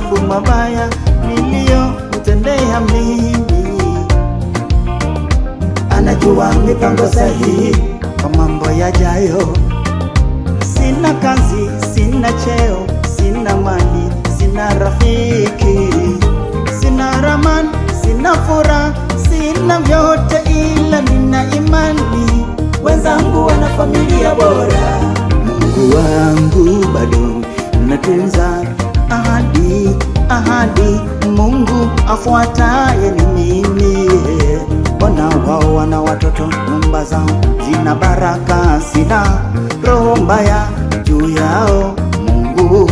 sababu mabaya niliyomtendea mimi. Anajua mipango sahihi kwa mambo yajayo. Sina kazi, sina cheo, sina mali, sina rafiki, sina ramani, sina furaha, sina vyote, ila nina imani wenzangu wana familia bora. Mungu wangu bado natunza Mungu afuataye ni mimi. Mbona wao wana watoto, nyumba zao zina baraka, sina roho mbaya juu yao. Mungu,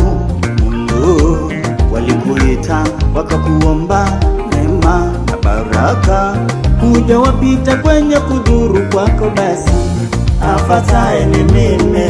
Mungu, walikuita wakakuomba mema na baraka, kuja wapita kwenye kudhuru kwako, basi afuataye ni mimi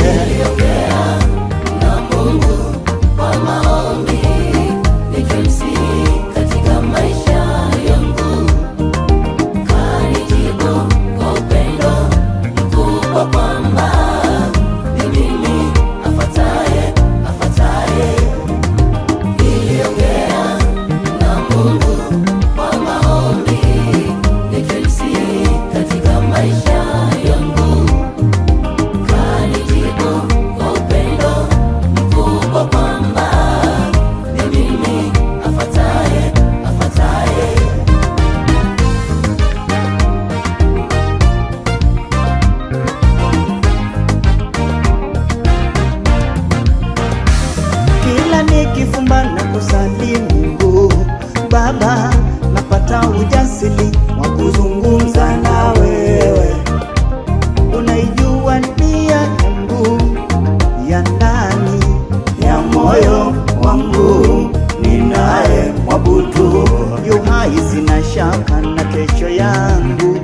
ujasiri wa kuzungumza na wewe. Unaijua nia yangu ya ndani ya moyo wangu, ninaye mwabudu yu hai, sina shaka na kesho yangu.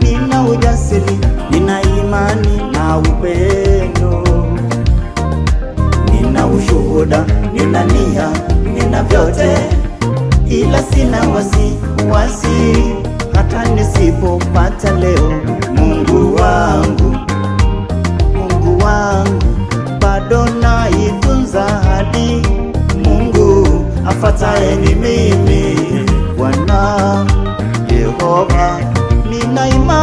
Nina ujasiri, nina imani na upendo, nina ushuhuda, nina nia, nina vyote ila sina wasi wasi, hata nisipopata leo. Mungu wangu, Mungu wangu, bado naitunza hadi Mungu afataye ni mimi. Bwana Yehova ninaima